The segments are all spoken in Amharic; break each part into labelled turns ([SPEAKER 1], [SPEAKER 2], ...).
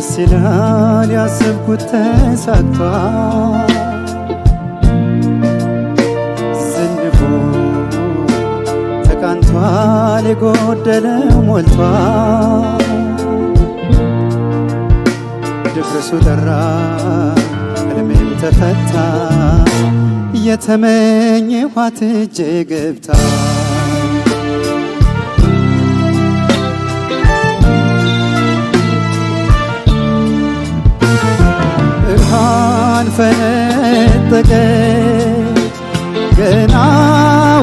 [SPEAKER 1] ደስ ይላል ያሰብኩት ተሳክቷል። ዝንፉ ተቃንቷል የጎደለው ሞልቷል። ድፍርሱ ጠራ እልሜም ተፈታ የተመኘኋት እጄ ገብታ ታጠቀ ገና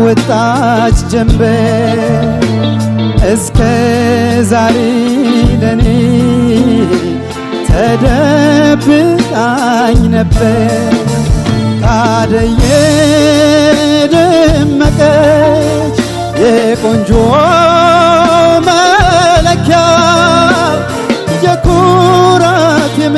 [SPEAKER 1] ወጣች ጀንበር እስከ ዛሬ ለኔ ተደብቃኝ ነበር ካደየ ደመቀች የቆንጆ መለኪያ የኩራት የም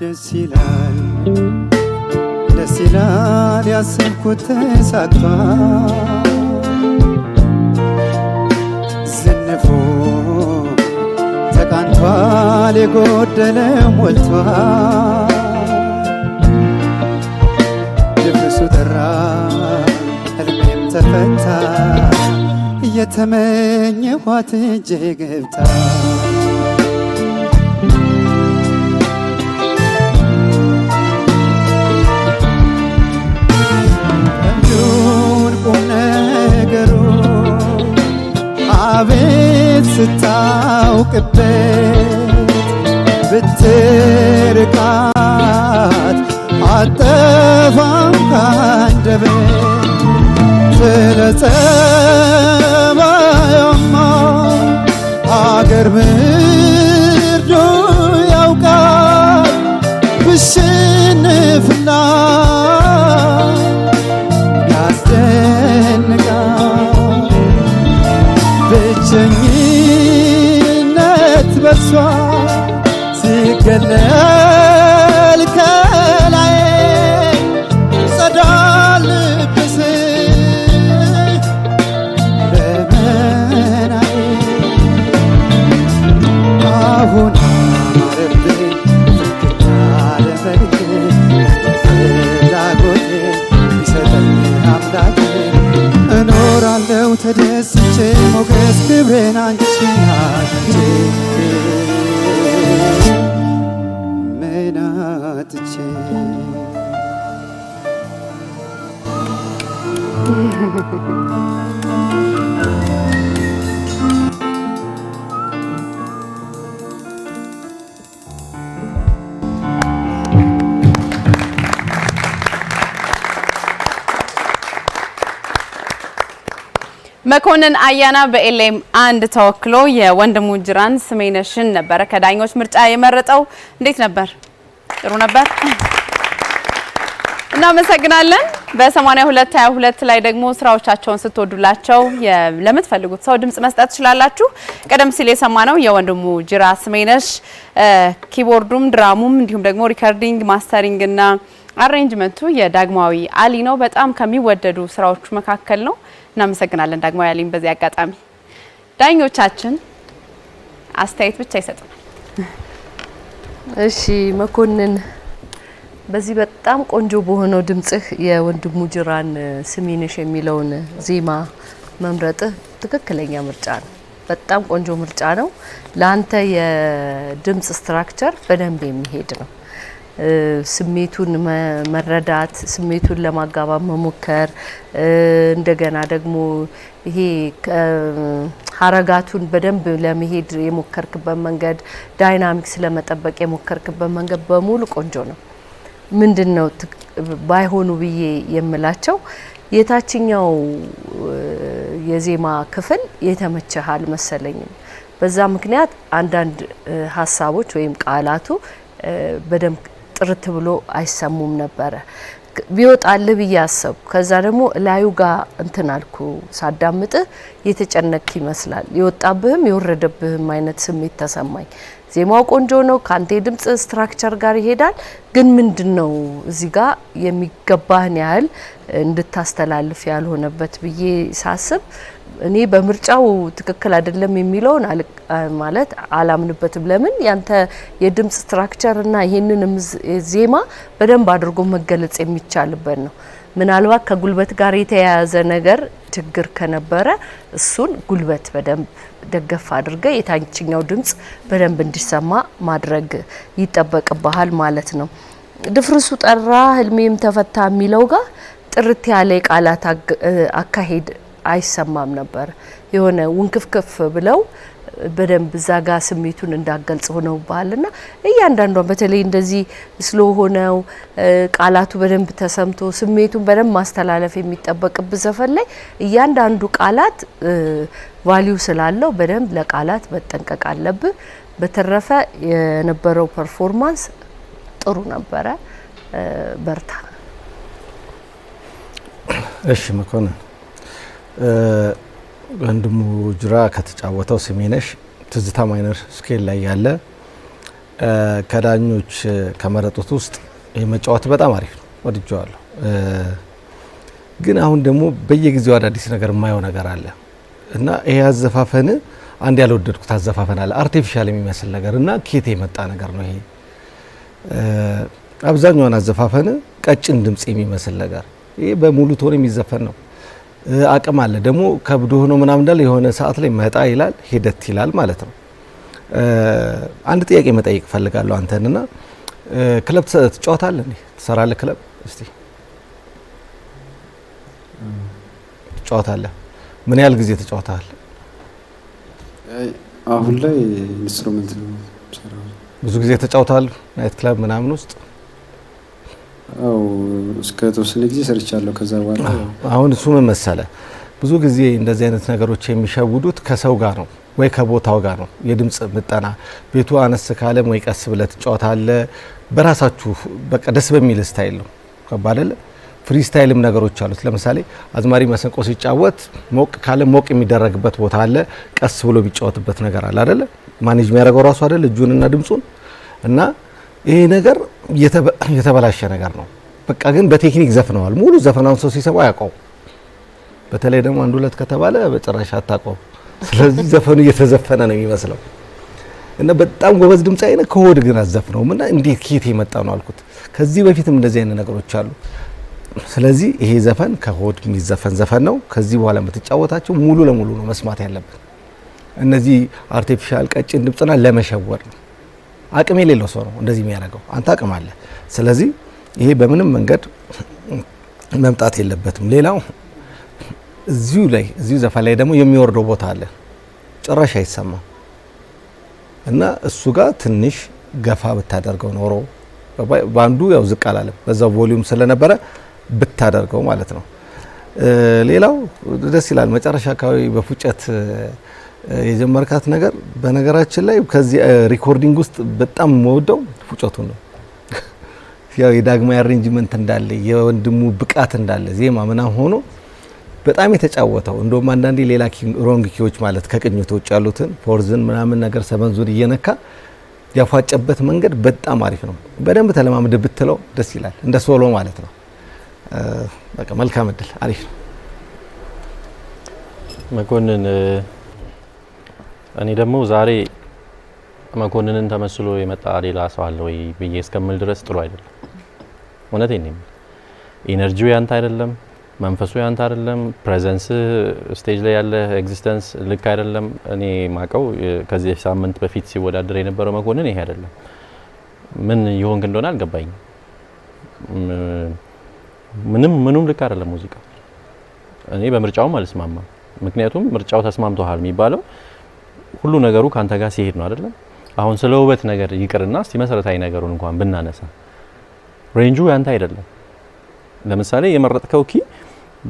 [SPEAKER 1] ደስ ይላል ደስ ይላል ያሰብኩት ተሳካ ተቃንቷል የጎደለ ሞልቷል ፈታ እየተመኘኋት እጄ ገብታ እንዱን አቤት ስታውቅበት ብትርቃት አጠፋም በጸባያማ አገር ምርዶ ያውቃል ብሽንፍና ያስደንቃል ብቸኝነት በሷ ሲገለ
[SPEAKER 2] መኮንን አያና በኤልኤም አንድ ተወክሎ የወንድሙ ጅራን ስሜነሽን ነበረ ከዳኞች ምርጫ የመረጠው። እንዴት ነበር? ጥሩ ነበር። እናመሰግናለን። በ8222 ላይ ደግሞ ስራዎቻቸውን ስትወዱላቸው ለምትፈልጉት ሰው ድምጽ መስጠት ትችላላችሁ። ቀደም ሲል የሰማነው የወንድሙ ጅራ ስሜነሽ ኪቦርዱም ድራሙም እንዲሁም ደግሞ ሪከርዲንግ ማስተሪንግና አሬንጅመንቱ የዳግማዊ አሊ ነው። በጣም ከሚወደዱ ስራዎቹ መካከል ነው። እናመሰግናለን ዳግማ ያሊን በዚህ አጋጣሚ ዳኞቻችን አስተያየት ብቻ ይሰጡናል።
[SPEAKER 3] እሺ መኮንን በዚህ በጣም ቆንጆ በሆነው ድምጽህ የወንድሙ ጅራን ስሜንሽ የሚለውን ዜማ መምረጥህ ትክክለኛ ምርጫ ነው። በጣም ቆንጆ ምርጫ ነው። ለአንተ የድምጽ ስትራክቸር በደንብ የሚሄድ ነው። ስሜቱን መረዳት፣ ስሜቱን ለማጋባት መሞከር እንደገና ደግሞ ይሄ ሀረጋቱን በደንብ ለመሄድ የሞከርክበት መንገድ፣ ዳይናሚክስ ለመጠበቅ የሞከርክበት መንገድ በሙሉ ቆንጆ ነው። ምንድን ነው ባይሆኑ ብዬ የምላቸው የታችኛው የዜማ ክፍል የተመቸህ አልመሰለኝም። በዛ ምክንያት አንዳንድ ሀሳቦች ወይም ቃላቱ በደንብ ጥርት ብሎ አይሰሙም ነበረ። ቢወጣልህ ብዬ አሰብኩ። ከዛ ደግሞ ላዩ ጋር እንትን አልኩ ሳዳምጥህ የተጨነቅ ይመስላል። የወጣብህም የወረደብህም አይነት ስሜት ተሰማኝ። ዜማው ቆንጆ ነው፣ ከአንተ የድምፅ ስትራክቸር ጋር ይሄዳል። ግን ምንድን ነው እዚህ ጋ የሚገባህን ያህል እንድታስተላልፍ ያልሆነበት ብዬ ሳስብ እኔ በምርጫው ትክክል አይደለም የሚለውን ማለት አላምንበትም። ለምን ያንተ የድምፅ ስትራክቸር እና ይህንን ዜማ በደንብ አድርጎ መገለጽ የሚቻልበት ነው። ምናልባት ከጉልበት ጋር የተያያዘ ነገር ችግር ከነበረ እሱን ጉልበት በደንብ ደገፍ አድርገ የታችኛው ድምጽ በደንብ እንዲሰማ ማድረግ ይጠበቅብሃል ማለት ነው። ድፍርሱ ጠራ ህልሜም ተፈታ የሚለው ጋር ጥርት ያለ የቃላት አካሄድ አይሰማም ነበር። የሆነ ውንክፍክፍ ብለው በደንብ እዛ ጋ ስሜቱን እንዳገልጽ ሆነው ባህልና እያንዳንዷን በተለይ እንደዚህ ስሎ ሆነው ቃላቱ በደንብ ተሰምቶ ስሜቱን በደንብ ማስተላለፍ የሚጠበቅበት ዘፈን ላይ እያንዳንዱ ቃላት ቫሊዩ ስላለው በደንብ ለቃላት መጠንቀቅ አለብህ። በተረፈ የነበረው ፐርፎርማንስ ጥሩ ነበረ። በርታ።
[SPEAKER 4] እሺ መኮንን ወንድሙ ጅራ ከተጫወተው ስሜነሽ ትዝታ ማይነር ስኬል ላይ ያለ ከዳኞች ከመረጡት ውስጥ የመጫወት በጣም አሪፍ ነው፣ ወድጀዋለሁ። ግን አሁን ደግሞ በየጊዜው አዳዲስ ነገር የማየው ነገር አለ እና ይሄ አዘፋፈን አንድ ያልወደድኩት አዘፋፈን አለ፣ አርቲፊሻል የሚመስል ነገር እና ኬት የመጣ ነገር ነው ይሄ። አብዛኛውን አዘፋፈን ቀጭን ድምፅ የሚመስል ነገር ይሄ በሙሉ ቶን የሚዘፈን ነው አቅም አለ ደግሞ ከብዶ ሆኖ ምናምን እንዳለ የሆነ ሰዓት ላይ መጣ ይላል ሂደት ይላል ማለት ነው። አንድ ጥያቄ መጠየቅ እፈልጋለሁ አንተንና ክለብ ትጫወታለህ እንዴ? ትሰራለህ? ክለብ እስቲ ትጫወታለህ? ምን ያህል ጊዜ ተጫውተሃል?
[SPEAKER 5] አሁን ላይ ኢንስትሩመንት ነው
[SPEAKER 4] ብዙ ጊዜ ተጫውታል ናይት ክለብ ምናምን ውስጥ
[SPEAKER 5] እስከ ተወሰነ ጊዜ ሰርቻለሁ። ከዛ በኋላ
[SPEAKER 4] አሁን እሱ ምን መሰለ ብዙ ጊዜ እንደዚህ አይነት ነገሮች የሚሸውዱት ከሰው ጋር ነው ወይ ከቦታው ጋር ነው። የድምፅ ምጠና ቤቱ አነስ ካለም ወይ ቀስ ጨዋታ አለ። በራሳችሁ በቃ ደስ በሚል ስታይል ነው። ከባድ ፍሪስታይልም ነገሮች አሉት። ለምሳሌ አዝማሪ መሰንቆ ሲጫወት ሞቅ ካለ ሞቅ የሚደረግበት ቦታ አለ፣ ቀስ ብሎ የሚጫወትበት ነገር አለ አደለ? ማኔጅ የሚያደርገው ራሱ አደለ? እጁንና ድምፁን እና ይሄ ነገር የተበላሸ ነገር ነው። በቃ ግን በቴክኒክ ዘፍነዋል። ሙሉ ዘፈናውን ሰው ሲሰማው ያውቀው። በተለይ ደግሞ አንድ ሁለት ከተባለ በጭራሽ አታውቀው። ስለዚህ ዘፈኑ እየተዘፈነ ነው የሚመስለው እና በጣም ጎበዝ ድምፅ አይነ ከሆድ ግን አዘፍነውም እና እንዴት ከየት የመጣ ነው አልኩት። ከዚህ በፊትም እንደዚህ አይነት ነገሮች አሉ። ስለዚህ ይሄ ዘፈን ከሆድ የሚዘፈን ዘፈን ነው። ከዚህ በኋላ የምትጫወታቸው ሙሉ ለሙሉ ነው መስማት ያለብን። እነዚህ አርቲፊሻል ቀጭን ድምፅና ለመሸወር ነው አቅም የሌለው ሰው ነው እንደዚህ የሚያደርገው። አንተ አቅም አለ። ስለዚህ ይሄ በምንም መንገድ መምጣት የለበትም። ሌላው እዚሁ ላይ እዚሁ ዘፈን ላይ ደግሞ የሚወርደው ቦታ አለ፣ ጭራሽ አይሰማም እና እሱ ጋር ትንሽ ገፋ ብታደርገው ኖሮ በአንዱ ያው ዝቅ አላለም፣ በዛው ቮሊዩም ስለነበረ ብታደርገው ማለት ነው። ሌላው ደስ ይላል መጨረሻ አካባቢ በፉጨት የጀመርካት ነገር በነገራችን ላይ ከዚህ ሪኮርዲንግ ውስጥ በጣም የምወደው ፉጨቱን ነው። ያው የዳግማዊ አሬንጅመንት እንዳለ የወንድሙ ብቃት እንዳለ ዜማ ምናም ሆኖ በጣም የተጫወተው እንደውም አንዳንዴ ሌላ ሮንግ ኪዎች ማለት ከቅኝት ውጭ ያሉትን ፎርዝን ምናምን ነገር ሰበንዙን እየነካ ያፏጨበት መንገድ በጣም አሪፍ ነው። በደንብ ተለማምደ ብትለው ደስ ይላል። እንደ ሶሎ ማለት ነው። በቃ መልካም እድል። አሪፍ ነው
[SPEAKER 6] መኮንን እኔ ደግሞ ዛሬ መኮንንን ተመስሎ የመጣ ሌላ ሰው አለ ወይ ብዬ እስከምል ድረስ ጥሩ አይደለም። እውነቴን ነው። ኢነርጂው ያንተ አይደለም፣ መንፈሱ ያንተ አይደለም፣ ፕሬዘንስ ስቴጅ ላይ ያለ ኤግዚስተንስ ልክ አይደለም። እኔ ማቀው ከዚህ ሳምንት በፊት ሲወዳደር የነበረው መኮንን ይሄ አይደለም። ምን የሆንክ እንደሆነ አልገባኝም። ምንም ምኑም ልክ አይደለም ሙዚቃ። እኔ በምርጫውም አልስማማም። ምክንያቱም ምርጫው ተስማምቶሃል የሚባለው ሁሉ ነገሩ ካንተ ጋር ሲሄድ ነው አይደለም። አሁን ስለ ውበት ነገር ይቅርና እስቲ መሰረታዊ ነገሩን እንኳን ብናነሳ ሬንጁ ያንተ አይደለም። ለምሳሌ የመረጥከው ኪ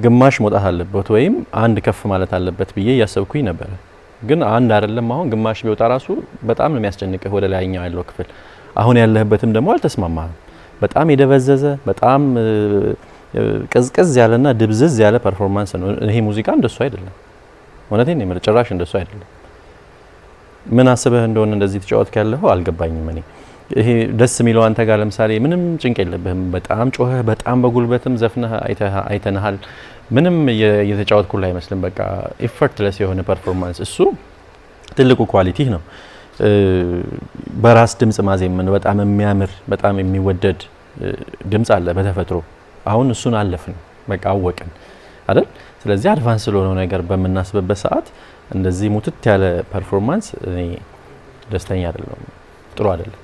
[SPEAKER 6] ግማሽ መውጣት አለበት ወይም አንድ ከፍ ማለት አለበት ብዬ እያሰብኩኝ ነበረ። ግን አንድ አይደለም አሁን ግማሽ ቢወጣ ራሱ በጣም ነው የሚያስጨንቅህ። ወደ ላይኛው ያለው ክፍል አሁን ያለህበትም ደግሞ አልተስማማህም። በጣም የደበዘዘ በጣም ቅዝቅዝ ያለና ድብዝዝ ያለ ፐርፎርማንስ ነው። ይሄ ሙዚቃ እንደሱ አይደለም። እውነቴን ነው የምልህ፣ ጭራሽ እንደሱ አይደለም። ምን አስበህ እንደሆነ እንደዚህ ተጫወት ካለሁ አልገባኝም። እኔ ይሄ ደስ የሚለው አንተ ጋር ለምሳሌ ምንም ጭንቅ የለብህም። በጣም ጮኸህ፣ በጣም በጉልበትም ዘፍነህ አይተንሃል። ምንም እየተጫወትኩልህ አይመስልም። በቃ ኢፈርትለስ የሆነ ፐርፎርማንስ፣ እሱ ትልቁ ኳሊቲ ነው። በራስ ድምጽ ማዜምን በጣም የሚያምር በጣም የሚወደድ ድምጽ አለ በተፈጥሮ። አሁን እሱን አለፍን፣ በቃ አወቅን አይደል? ስለዚህ አድቫንስ ስለሆነው ነገር በምናስብበት ሰዓት እንደዚህ ሙትት ያለ ፐርፎርማንስ እኔ ደስተኛ አይደለም፣ ጥሩ አይደለም።